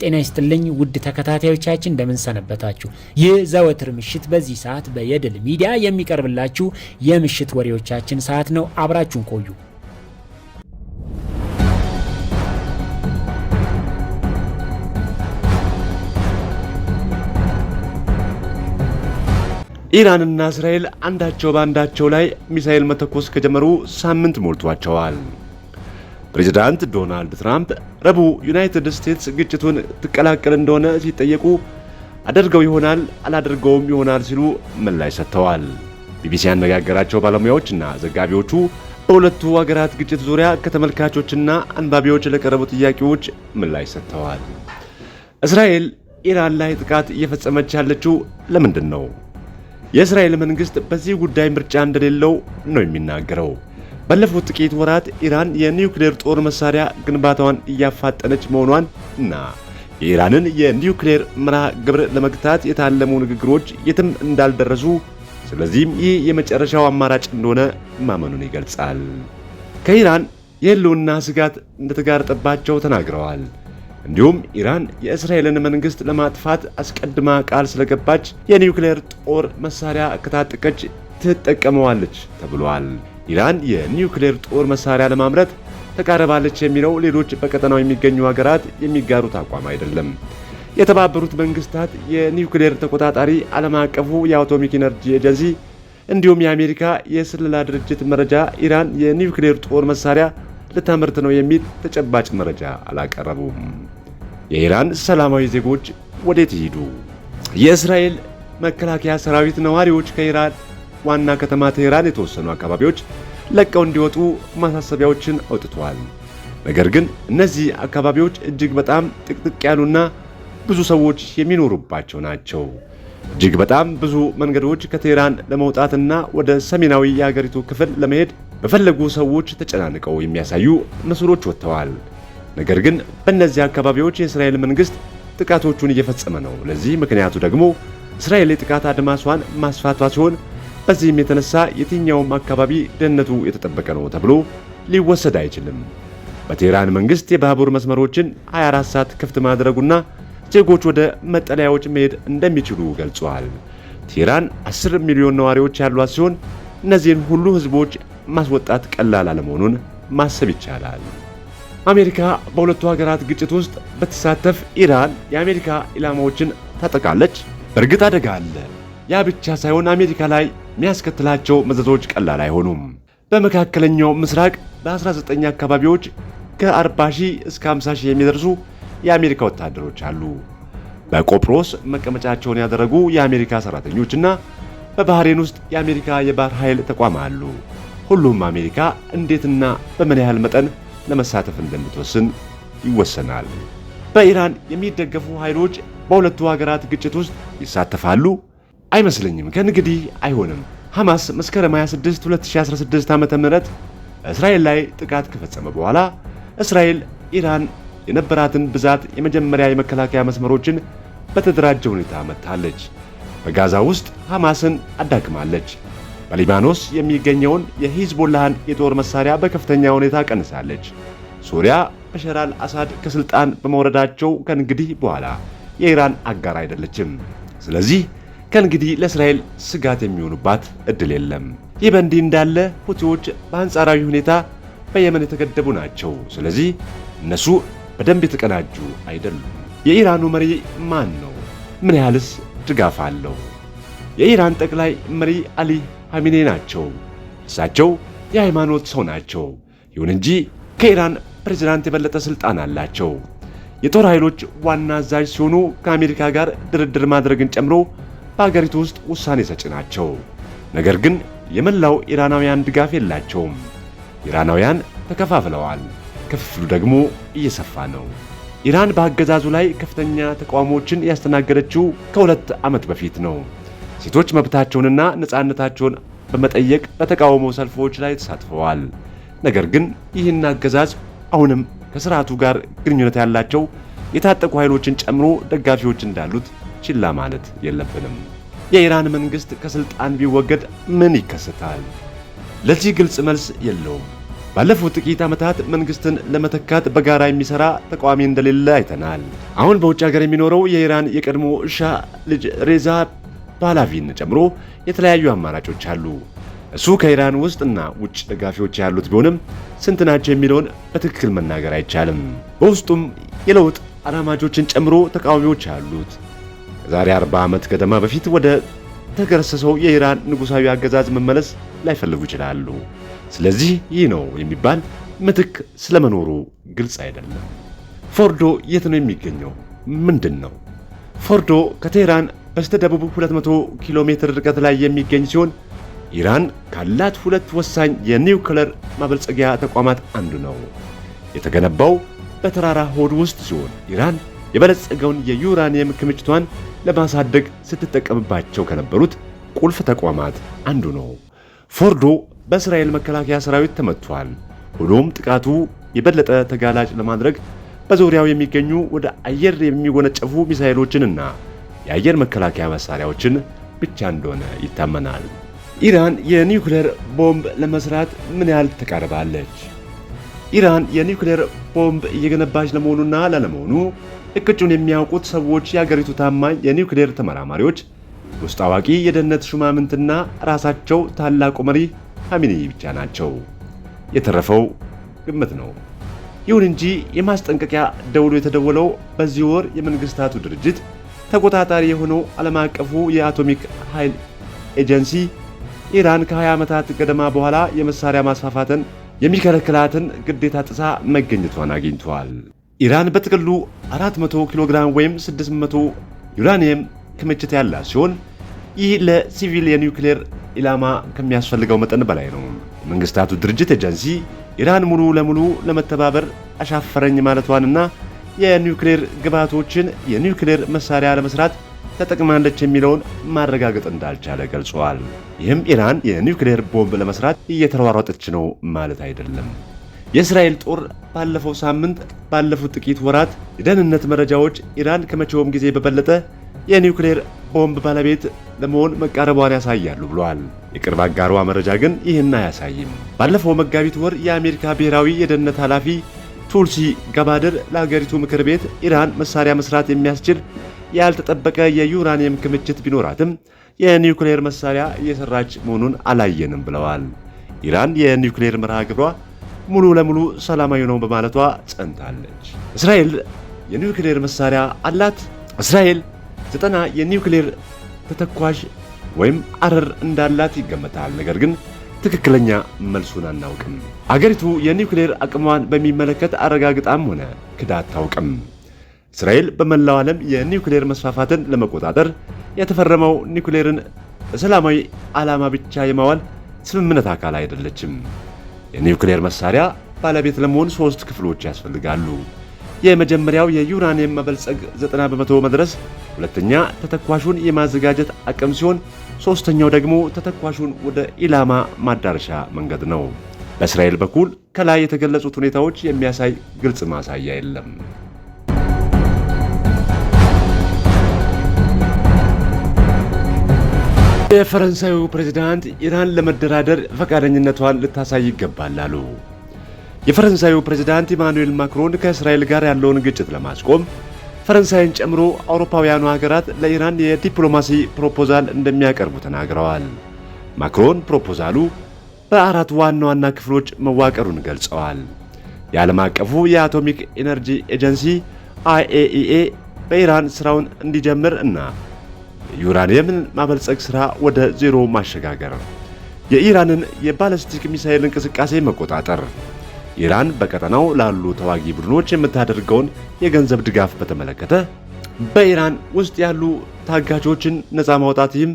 ጤና ይስጥልኝ ውድ ተከታታዮቻችን እንደምንሰነበታችሁ። ይህ ዘወትር ምሽት በዚህ ሰዓት በየድል ሚዲያ የሚቀርብላችሁ የምሽት ወሬዎቻችን ሰዓት ነው። አብራችሁን ቆዩ። ኢራንና እስራኤል አንዳቸው በአንዳቸው ላይ ሚሳኤል መተኮስ ከጀመሩ ሳምንት ሞልቷቸዋል። ፕሬዚዳንት ዶናልድ ትራምፕ ረቡዕ ዩናይትድ ስቴትስ ግጭቱን ትቀላቀል እንደሆነ ሲጠየቁ አደርገው ይሆናል አላደርገውም ይሆናል ሲሉ ምላሽ ሰጥተዋል። ቢቢሲ ያነጋገራቸው ባለሙያዎችና ዘጋቢዎቹ በሁለቱ ሀገራት ግጭት ዙሪያ ከተመልካቾችና አንባቢዎች ለቀረቡ ጥያቄዎች ምላሽ ሰጥተዋል። እስራኤል ኢራን ላይ ጥቃት እየፈጸመች ያለችው ለምንድን ነው? የእስራኤል መንግሥት በዚህ ጉዳይ ምርጫ እንደሌለው ነው የሚናገረው። ባለፉት ጥቂት ወራት ኢራን የኒውክሌር ጦር መሳሪያ ግንባታዋን እያፋጠነች መሆኗን እና የኢራንን የኒውክሌር መርሃ ግብር ለመግታት የታለሙ ንግግሮች የትም እንዳልደረሱ፣ ስለዚህም ይህ የመጨረሻው አማራጭ እንደሆነ ማመኑን ይገልጻል። ከኢራን የህልውና ስጋት እንደተጋረጠባቸው ተናግረዋል። እንዲሁም ኢራን የእስራኤልን መንግስት ለማጥፋት አስቀድማ ቃል ስለገባች የኒውክሌር ጦር መሳሪያ ከታጠቀች ትጠቀመዋለች ተብሏል። ኢራን የኒውክሌር ጦር መሳሪያ ለማምረት ተቃረባለች የሚለው ሌሎች በቀጠናው የሚገኙ ሀገራት የሚጋሩት አቋም አይደለም። የተባበሩት መንግስታት የኒውክሌር ተቆጣጣሪ ዓለም አቀፉ የአቶሚክ ኤነርጂ ኤጀንሲ እንዲሁም የአሜሪካ የስለላ ድርጅት መረጃ ኢራን የኒውክሌር ጦር መሳሪያ ልታመርት ነው የሚል ተጨባጭ መረጃ አላቀረቡም። የኢራን ሰላማዊ ዜጎች ወዴት ይሂዱ? የእስራኤል መከላከያ ሰራዊት ነዋሪዎች ከኢራን ዋና ከተማ ቴህራን የተወሰኑ አካባቢዎች ለቀው እንዲወጡ ማሳሰቢያዎችን አውጥተዋል። ነገር ግን እነዚህ አካባቢዎች እጅግ በጣም ጥቅጥቅ ያሉና ብዙ ሰዎች የሚኖሩባቸው ናቸው። እጅግ በጣም ብዙ መንገዶች ከቴህራን ለመውጣትና ወደ ሰሜናዊ የሀገሪቱ ክፍል ለመሄድ በፈለጉ ሰዎች ተጨናንቀው የሚያሳዩ ምስሎች ወጥተዋል። ነገር ግን በእነዚህ አካባቢዎች የእስራኤል መንግሥት ጥቃቶቹን እየፈጸመ ነው። ለዚህ ምክንያቱ ደግሞ እስራኤል የጥቃት አድማሷን ማስፋቷ ሲሆን በዚህም የተነሳ የትኛውም አካባቢ ደህንነቱ የተጠበቀ ነው ተብሎ ሊወሰድ አይችልም። በቴህራን መንግስት የባቡር መስመሮችን 24 ሰዓት ክፍት ማድረጉና ዜጎች ወደ መጠለያዎች መሄድ እንደሚችሉ ገልጿል። ቴህራን 10 ሚሊዮን ነዋሪዎች ያሏት ሲሆን እነዚህን ሁሉ ህዝቦች ማስወጣት ቀላል አለመሆኑን ማሰብ ይቻላል። አሜሪካ በሁለቱ ሀገራት ግጭት ውስጥ በተሳተፍ ኢራን የአሜሪካ ኢላማዎችን ታጠቃለች። በእርግጥ አደጋ አለ። ያ ብቻ ሳይሆን አሜሪካ ላይ የሚያስከትላቸው መዘዞች ቀላል አይሆኑም። በመካከለኛው ምስራቅ በ19 አካባቢዎች ከ40 ሺህ እስከ 50 ሺህ የሚደርሱ የአሜሪካ ወታደሮች አሉ። በቆጵሮስ መቀመጫቸውን ያደረጉ የአሜሪካ ሰራተኞችና በባህሬን ውስጥ የአሜሪካ የባህር ኃይል ተቋም አሉ። ሁሉም አሜሪካ እንዴትና በምን ያህል መጠን ለመሳተፍ እንደምትወስን ይወሰናል። በኢራን የሚደገፉ ኃይሎች በሁለቱ ሀገራት ግጭት ውስጥ ይሳተፋሉ። አይመስለኝም። ከእንግዲህ አይሆንም። ሐማስ መስከረም 26 2016 ዓ.ም እስራኤል ላይ ጥቃት ከፈጸመ በኋላ እስራኤል ኢራን የነበራትን ብዛት የመጀመሪያ የመከላከያ መስመሮችን በተደራጀ ሁኔታ መታለች። በጋዛ ውስጥ ሐማስን አዳክማለች። በሊባኖስ የሚገኘውን የሂዝቦላህን የጦር መሳሪያ በከፍተኛ ሁኔታ ቀንሳለች። ሱሪያ በሸር አል አሳድ ከስልጣን በመውረዳቸው ከእንግዲህ በኋላ የኢራን አጋር አይደለችም። ስለዚህ ከእንግዲህ ለእስራኤል ስጋት የሚሆኑባት እድል የለም። ይህ በእንዲህ እንዳለ ሁቲዎች በአንጻራዊ ሁኔታ በየመን የተገደቡ ናቸው። ስለዚህ እነሱ በደንብ የተቀናጁ አይደሉም። የኢራኑ መሪ ማን ነው? ምን ያህልስ ድጋፍ አለው? የኢራን ጠቅላይ መሪ አሊ ሐሚኔ ናቸው። እሳቸው የሃይማኖት ሰው ናቸው። ይሁን እንጂ ከኢራን ፕሬዝዳንት የበለጠ ስልጣን አላቸው። የጦር ኃይሎች ዋና አዛዥ ሲሆኑ ከአሜሪካ ጋር ድርድር ማድረግን ጨምሮ በአገሪቱ ውስጥ ውሳኔ ሰጪ ናቸው። ነገር ግን የመላው ኢራናውያን ድጋፍ የላቸውም። ኢራናውያን ተከፋፍለዋል። ክፍፍሉ ደግሞ እየሰፋ ነው። ኢራን በአገዛዙ ላይ ከፍተኛ ተቃውሞዎችን ያስተናገደችው ከሁለት ዓመት በፊት ነው። ሴቶች መብታቸውንና ነፃነታቸውን በመጠየቅ በተቃውሞ ሰልፎች ላይ ተሳትፈዋል። ነገር ግን ይህን አገዛዝ አሁንም ከስርዓቱ ጋር ግንኙነት ያላቸው የታጠቁ ኃይሎችን ጨምሮ ደጋፊዎች እንዳሉት ችላ ማለት የለብንም። የኢራን መንግሥት ከሥልጣን ቢወገድ ምን ይከሰታል? ለዚህ ግልጽ መልስ የለውም። ባለፉት ጥቂት ዓመታት መንግስትን ለመተካት በጋራ የሚሰራ ተቃዋሚ እንደሌለ አይተናል። አሁን በውጭ ሀገር የሚኖረው የኢራን የቀድሞ ሻ ልጅ ሬዛ ፓህላቪን ጨምሮ የተለያዩ አማራጮች አሉ። እሱ ከኢራን ውስጥና ውጭ ደጋፊዎች ያሉት ቢሆንም ስንት ናቸው የሚለውን በትክክል መናገር አይቻልም። በውስጡም የለውጥ አራማጆችን ጨምሮ ተቃዋሚዎች አሉት። ከዛሬ 40 ዓመት ገደማ በፊት ወደ ተገረሰሰው የኢራን ንጉሳዊ አገዛዝ መመለስ ላይፈልጉ ይችላሉ። ስለዚህ ይህ ነው የሚባል ምትክ ስለመኖሩ ግልጽ አይደለም። ፎርዶ የት ነው የሚገኘው? ምንድን ነው? ፎርዶ ከቴህራን በስተደቡብ 200 ኪሎ ሜትር ርቀት ላይ የሚገኝ ሲሆን ኢራን ካላት ሁለት ወሳኝ የኒውክለር ማበልጸጊያ ተቋማት አንዱ ነው። የተገነባው በተራራ ሆድ ውስጥ ሲሆን ኢራን የበለጸገውን የዩራኒየም ክምችቷን ለማሳደግ ስትጠቀምባቸው ከነበሩት ቁልፍ ተቋማት አንዱ ነው። ፎርዶ በእስራኤል መከላከያ ሰራዊት ተመቷል። ሆኖም ጥቃቱ የበለጠ ተጋላጭ ለማድረግ በዙሪያው የሚገኙ ወደ አየር የሚወነጨፉ ሚሳይሎችንና የአየር መከላከያ መሳሪያዎችን ብቻ እንደሆነ ይታመናል። ኢራን የኒውክሌር ቦምብ ለመስራት ምን ያህል ተቃርባለች? ኢራን የኒውክሌር ቦምብ እየገነባች ለመሆኑና ላለመሆኑ እቅጩን የሚያውቁት ሰዎች የአገሪቱ ታማኝ የኒውክሌር ተመራማሪዎች ውስጥ አዋቂ የደህንነት ሹማምንትና ራሳቸው ታላቁ መሪ ሐሚኔይ ብቻ ናቸው። የተረፈው ግምት ነው። ይሁን እንጂ የማስጠንቀቂያ ደውሎ የተደወለው በዚህ ወር የመንግስታቱ ድርጅት ተቆጣጣሪ የሆነው ዓለም አቀፉ የአቶሚክ ኃይል ኤጀንሲ ኢራን ከ20 ዓመታት ገደማ በኋላ የመሳሪያ ማስፋፋትን የሚከለክላትን ግዴታ ጥሳ መገኘቷን አግኝቷል። ኢራን በጥቅሉ 400 ኪሎ ግራም ወይም 600 ዩራኒየም ክምችት ያላት ሲሆን ይህ ለሲቪል የኒውክሌር ኢላማ ከሚያስፈልገው መጠን በላይ ነው። የመንግስታቱ ድርጅት ኤጀንሲ ኢራን ሙሉ ለሙሉ ለመተባበር አሻፈረኝ ማለቷንና የኒውክሌር ግብዓቶችን የኒውክሌር መሳሪያ ለመስራት ተጠቅማለች የሚለውን ማረጋገጥ እንዳልቻለ ገልጸዋል። ይህም ኢራን የኒውክሌር ቦምብ ለመስራት እየተሯሯጠች ነው ማለት አይደለም። የእስራኤል ጦር ባለፈው ሳምንት ባለፉት ጥቂት ወራት የደህንነት መረጃዎች ኢራን ከመቼውም ጊዜ በበለጠ የኒውክሌር ቦምብ ባለቤት ለመሆን መቃረቧን ያሳያሉ ብሏል። የቅርብ አጋሯ መረጃ ግን ይህን አያሳይም። ባለፈው መጋቢት ወር የአሜሪካ ብሔራዊ የደህንነት ኃላፊ ቱልሲ ገባድር ለሀገሪቱ ምክር ቤት ኢራን መሳሪያ መስራት የሚያስችል ያልተጠበቀ የዩራኒየም ክምችት ቢኖራትም የኒውክሌር መሳሪያ እየሰራች መሆኑን አላየንም ብለዋል። ኢራን የኒውክሌር መርሃ ግብሯ ሙሉ ለሙሉ ሰላማዊ ነው በማለቷ ጸንታለች። እስራኤል የኒውክሌር መሳሪያ አላት። እስራኤል ዘጠና የኒውክሌር ተተኳሽ ወይም አረር እንዳላት ይገመታል። ነገር ግን ትክክለኛ መልሱን አናውቅም። አገሪቱ የኒውክሌር አቅሟን በሚመለከት አረጋግጣም ሆነ ክዳ አታውቅም። እስራኤል በመላው ዓለም የኒውክሌር መስፋፋትን ለመቆጣጠር የተፈረመው ኒውክሌርን እስላማዊ ዓላማ ብቻ የማዋል ስምምነት አካል አይደለችም። የኒውክሌር መሳሪያ ባለቤት ለመሆን ሦስት ክፍሎች ያስፈልጋሉ። የመጀመሪያው የዩራኒየም መበልጸግ 90 በመቶ መድረስ፣ ሁለተኛ ተተኳሹን የማዘጋጀት አቅም ሲሆን፣ ሦስተኛው ደግሞ ተተኳሹን ወደ ኢላማ ማዳረሻ መንገድ ነው። በእስራኤል በኩል ከላይ የተገለጹት ሁኔታዎች የሚያሳይ ግልጽ ማሳያ የለም። የፈረንሳዩ ፕሬዝዳንት ኢራን ለመደራደር ፈቃደኝነቷን ልታሳይ ይገባል አሉ። የፈረንሳዩ ፕሬዝዳንት ኢማኑኤል ማክሮን ከእስራኤል ጋር ያለውን ግጭት ለማስቆም ፈረንሳይን ጨምሮ አውሮፓውያኑ ሀገራት ለኢራን የዲፕሎማሲ ፕሮፖዛል እንደሚያቀርቡ ተናግረዋል። ማክሮን ፕሮፖዛሉ በአራት ዋና ዋና ክፍሎች መዋቀሩን ገልጸዋል። የዓለም አቀፉ የአቶሚክ ኤነርጂ ኤጀንሲ አይኤኢኤ በኢራን ሥራውን እንዲጀምር እና ዩራኒየምን ማበልጸግ ሥራ ወደ ዜሮ ማሸጋገር፣ የኢራንን የባለስቲክ ሚሳኤል እንቅስቃሴ መቆጣጠር፣ ኢራን በቀጠናው ላሉ ተዋጊ ቡድኖች የምታደርገውን የገንዘብ ድጋፍ በተመለከተ፣ በኢራን ውስጥ ያሉ ታጋቾችን ነፃ ማውጣት፣ ይህም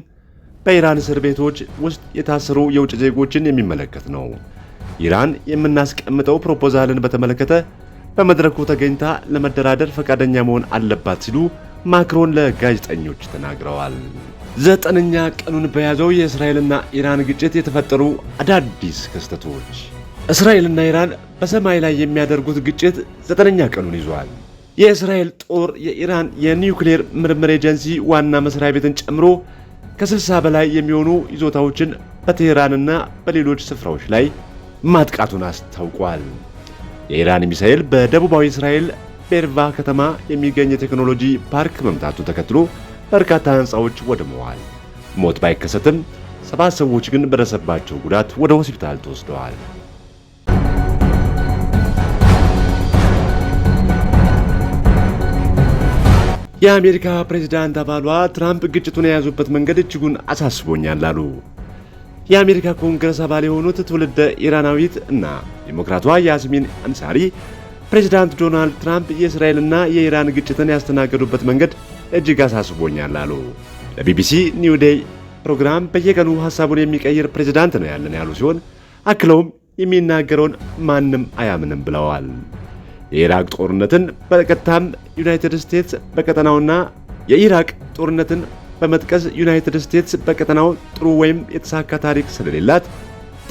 በኢራን እስር ቤቶች ውስጥ የታሰሩ የውጭ ዜጎችን የሚመለከት ነው። ኢራን የምናስቀምጠው ፕሮፖዛልን በተመለከተ በመድረኩ ተገኝታ ለመደራደር ፈቃደኛ መሆን አለባት ሲሉ ማክሮን ለጋዜጠኞች ተናግረዋል። ዘጠነኛ ቀኑን በያዘው የእስራኤልና ኢራን ግጭት የተፈጠሩ አዳዲስ ክስተቶች። እስራኤልና ኢራን በሰማይ ላይ የሚያደርጉት ግጭት ዘጠነኛ ቀኑን ይዟል። የእስራኤል ጦር የኢራን የኒውክሌር ምርምር ኤጀንሲ ዋና መስሪያ ቤትን ጨምሮ ከ60 በላይ የሚሆኑ ይዞታዎችን በቴህራንና በሌሎች ስፍራዎች ላይ ማጥቃቱን አስታውቋል። የኢራን ሚሳኤል በደቡባዊ እስራኤል በኤርቫ ከተማ የሚገኝ የቴክኖሎጂ ፓርክ መምጣቱን ተከትሎ በርካታ ህንፃዎች ወድመዋል። ሞት ባይከሰትም ሰባት ሰዎች ግን በደረሰባቸው ጉዳት ወደ ሆስፒታል ተወስደዋል። የአሜሪካ ፕሬዚዳንት አባሏ ትራምፕ ግጭቱን የያዙበት መንገድ እጅጉን አሳስቦኛል አሉ። የአሜሪካ ኮንግረስ አባል የሆኑት ትውልደ ኢራናዊት እና ዴሞክራቷ ያስሚን አንሳሪ ፕሬዚዳንት ዶናልድ ትራምፕ የእስራኤልና የኢራን ግጭትን ያስተናገዱበት መንገድ እጅግ አሳስቦኛል አሉ። ለቢቢሲ ኒው ዴይ ፕሮግራም በየቀኑ ሀሳቡን የሚቀይር ፕሬዚዳንት ነው ያለን ያሉ ሲሆን አክለውም የሚናገረውን ማንም አያምንም ብለዋል። የኢራቅ ጦርነትን በቀጥታም ዩናይትድ ስቴትስ በቀጠናውና የኢራቅ ጦርነትን በመጥቀስ ዩናይትድ ስቴትስ በቀጠናው ጥሩ ወይም የተሳካ ታሪክ ስለሌላት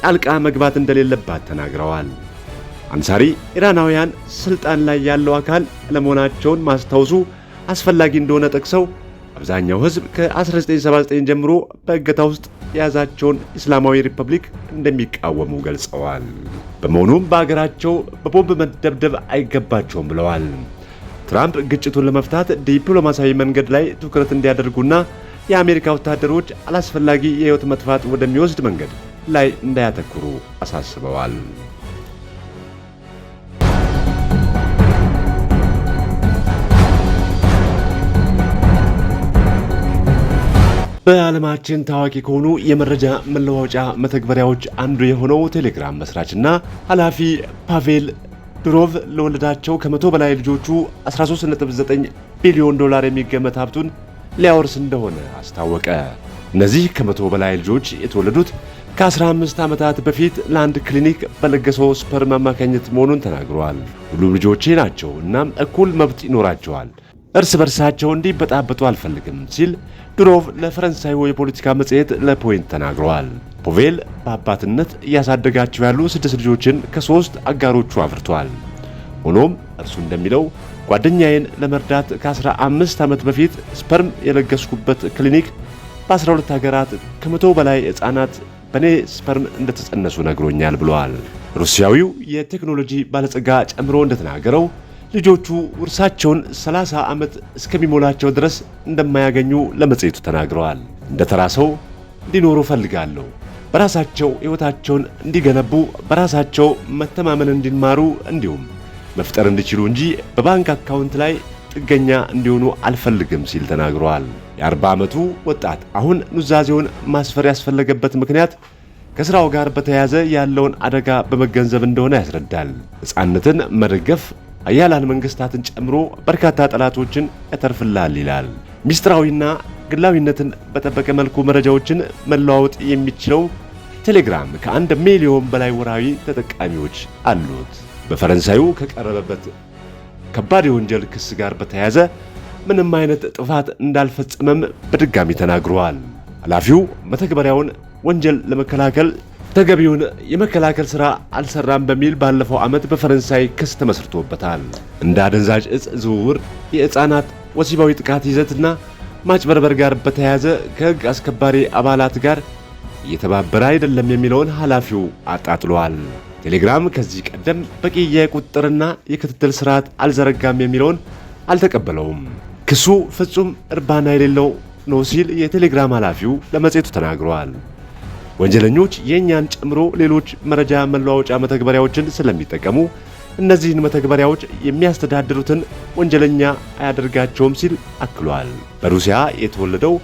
ጣልቃ መግባት እንደሌለባት ተናግረዋል። አንሳሪ ኢራናውያን ስልጣን ላይ ያለው አካል ለመሆናቸውን ማስታወሱ አስፈላጊ እንደሆነ ጠቅሰው አብዛኛው ሕዝብ ከ1979 ጀምሮ በእገታ ውስጥ የያዛቸውን እስላማዊ ሪፐብሊክ እንደሚቃወሙ ገልጸዋል። በመሆኑም በአገራቸው በቦምብ መደብደብ አይገባቸውም ብለዋል። ትራምፕ ግጭቱን ለመፍታት ዲፕሎማሲያዊ መንገድ ላይ ትኩረት እንዲያደርጉና የአሜሪካ ወታደሮች አላስፈላጊ የሕይወት መጥፋት ወደሚወስድ መንገድ ላይ እንዳያተኩሩ አሳስበዋል። በዓለማችን ታዋቂ ከሆኑ የመረጃ መለዋወጫ መተግበሪያዎች አንዱ የሆነው ቴሌግራም መስራችና ኃላፊ ፓቬል ዱሮቭ ለወለዳቸው ከመቶ በላይ ልጆቹ 13.9 ቢሊዮን ዶላር የሚገመት ሀብቱን ሊያወርስ እንደሆነ አስታወቀ። እነዚህ ከመቶ በላይ ልጆች የተወለዱት ከ15 ዓመታት በፊት ለአንድ ክሊኒክ በለገሰው ስፐርም አማካኝነት መሆኑን ተናግረዋል። ሁሉም ልጆቼ ናቸው፣ እናም እኩል መብት ይኖራቸዋል እርስ በርሳቸው እንዲበጣበጡ አልፈልግም ሲል ዱሮቭ ለፈረንሳዩ የፖለቲካ መጽሔት ለፖይንት ተናግረዋል። ፖቬል በአባትነት እያሳደጋቸው ያሉ ስድስት ልጆችን ከሦስት አጋሮቹ አፍርቷል። ሆኖም እርሱ እንደሚለው ጓደኛዬን ለመርዳት ከ15 ዓመት በፊት ስፐርም የለገስኩበት ክሊኒክ በ12 ሀገራት ከመቶ በላይ ሕፃናት በእኔ ስፐርም እንደተጸነሱ ነግሮኛል ብለዋል። ሩሲያዊው የቴክኖሎጂ ባለጸጋ ጨምሮ እንደተናገረው ልጆቹ ውርሳቸውን 30 ዓመት እስከሚሞላቸው ድረስ እንደማያገኙ ለመጽሔቱ ተናግረዋል። እንደ ተራ ሰው እንዲኖሩ እፈልጋለሁ። በራሳቸው ሕይወታቸውን እንዲገነቡ፣ በራሳቸው መተማመን እንዲማሩ፣ እንዲሁም መፍጠር እንዲችሉ እንጂ በባንክ አካውንት ላይ ጥገኛ እንዲሆኑ አልፈልግም ሲል ተናግረዋል። የ40 ዓመቱ ወጣት አሁን ኑዛዜውን ማስፈር ያስፈለገበት ምክንያት ከሥራው ጋር በተያያዘ ያለውን አደጋ በመገንዘብ እንደሆነ ያስረዳል። ህፃነትን መደገፍ አያላን መንግስታትን ጨምሮ በርካታ ጠላቶችን ያተርፍላል ይላል። ሚስጥራዊና ግላዊነትን በጠበቀ መልኩ መረጃዎችን መለዋወጥ የሚችለው ቴሌግራም ከአንድ ሚሊዮን በላይ ወራዊ ተጠቃሚዎች አሉት። በፈረንሳዩ ከቀረበበት ከባድ የወንጀል ክስ ጋር በተያያዘ ምንም አይነት ጥፋት እንዳልፈጸመም በድጋሚ ተናግረዋል። ኃላፊው መተግበሪያውን ወንጀል ለመከላከል ተገቢውን የመከላከል ስራ አልሰራም በሚል ባለፈው ዓመት በፈረንሳይ ክስ ተመስርቶበታል። እንደ አደንዛዥ እጽ ዝውውር፣ የሕፃናት ወሲባዊ ጥቃት ይዘትና ማጭበርበር ጋር በተያያዘ ከሕግ አስከባሪ አባላት ጋር እየተባበረ አይደለም የሚለውን ኃላፊው አጣጥሏል። ቴሌግራም ከዚህ ቀደም በቂ የቁጥጥርና የክትትል ስርዓት አልዘረጋም የሚለውን አልተቀበለውም። ክሱ ፍጹም እርባና የሌለው ነው ሲል የቴሌግራም ኃላፊው ለመጽሔቱ ተናግረዋል። ወንጀለኞች የእኛን ጨምሮ ሌሎች መረጃ መለዋወጫ መተግበሪያዎችን ስለሚጠቀሙ እነዚህን መተግበሪያዎች የሚያስተዳድሩትን ወንጀለኛ አያደርጋቸውም ሲል አክሏል። በሩሲያ የተወለደው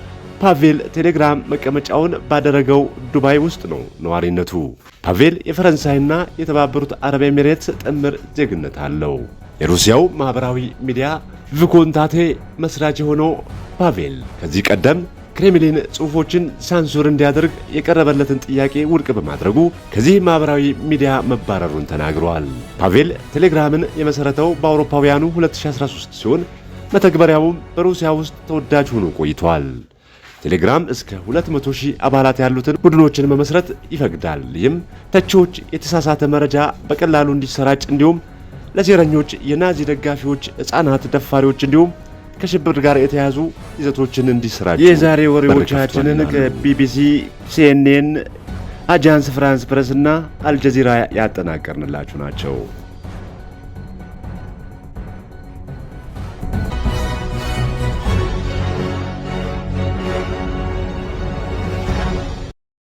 ፓቬል ቴሌግራም መቀመጫውን ባደረገው ዱባይ ውስጥ ነው ነዋሪነቱ። ፓቬል የፈረንሳይና የተባበሩት አረብ ኤሚሬትስ ጥምር ዜግነት አለው። የሩሲያው ማኅበራዊ ሚዲያ ቪኮንታቴ መስራች የሆነው ፓቬል ከዚህ ቀደም ክሬምሊን ጽሑፎችን ሳንሱር እንዲያደርግ የቀረበለትን ጥያቄ ውድቅ በማድረጉ ከዚህ ማኅበራዊ ሚዲያ መባረሩን ተናግረዋል። ፓቬል ቴሌግራምን የመሠረተው በአውሮፓውያኑ 2013 ሲሆን መተግበሪያውም በሩሲያ ውስጥ ተወዳጅ ሆኖ ቆይቷል። ቴሌግራም እስከ 200 ሺህ አባላት ያሉትን ቡድኖችን መመስረት ይፈቅዳል። ይህም ተቺዎች የተሳሳተ መረጃ በቀላሉ እንዲሰራጭ እንዲሁም ለሴረኞች፣ የናዚ ደጋፊዎች፣ ሕፃናት ደፋሪዎች እንዲሁም ከሽብር ጋር የተያዙ ይዘቶችን እንዲሰራጩ የዛሬ ወሬዎቻችንን ከቢቢሲ፣ ሲኤንኤን፣ አጃንስ ፍራንስ ፕረስ እና አልጀዚራ ያጠናቀርንላችሁ ናቸው።